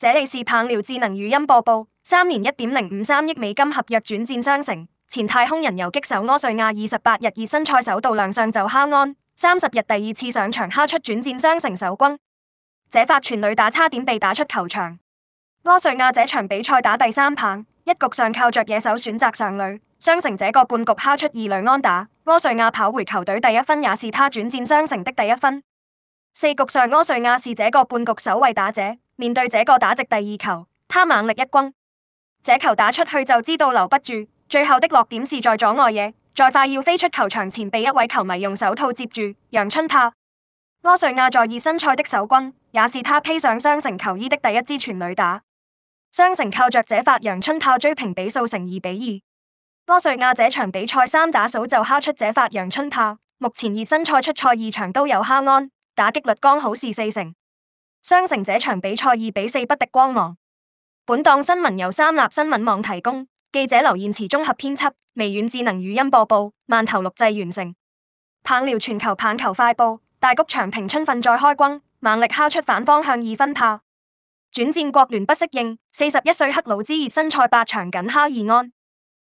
這裡是棒聊智能語音播報，三年一點零五三億美金合約轉戰雙城，前太空人游擊手柯瑞亞二十八日熱身賽首度亮相就敲安，三十日第二次上場敲出轉戰雙城首轟，這發全壘打差點被打出球場。柯瑞亞這場比賽打第三棒，一局上靠着野手選擇上壘，雙城這個半局敲出二壘安打，柯瑞亞跑回球隊第一分，也是他轉戰雙城的第一分。四局上柯瑞亞是這個半局首位打者。面對這個打直第二球，他猛力一轟，這球打出去就知道留不住。最後的落點是在左外野。在快要飛出球場前，被一位球迷用手套接住。陽春炮，柯瑞亞在熱身賽的首轟，也是他披上雙城球衣的第一支全壘打。雙城靠着這發陽春炮追平比數成二比二。柯瑞亞這場比賽三打數就敲出這發陽春炮，目前熱身賽出賽二場都有敲安，打擊率剛好是四成。雙城這場比賽二比四不敵光芒。本檔新聞由三立新聞網提供，記者劉燕池綜合編輯，微軟智能語音播報，慢投錄製完成。棒聊全球棒球快報：大谷翔平春訓再開轟，猛力敲出反方向二分炮。轉戰國聯不適應，四十一歲克魯茲熱身賽八場僅敲二安。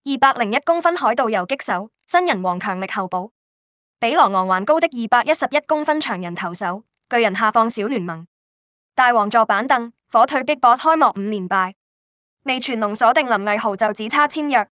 二百零一公分海盜遊擊手，新人王強力候補，比狼王還高的二百一十一公分長人投手，巨人下放小聯盟。大王坐板凳，火腿擊波開幕五連敗，味全龍鎖定林毅豪就只差簽約。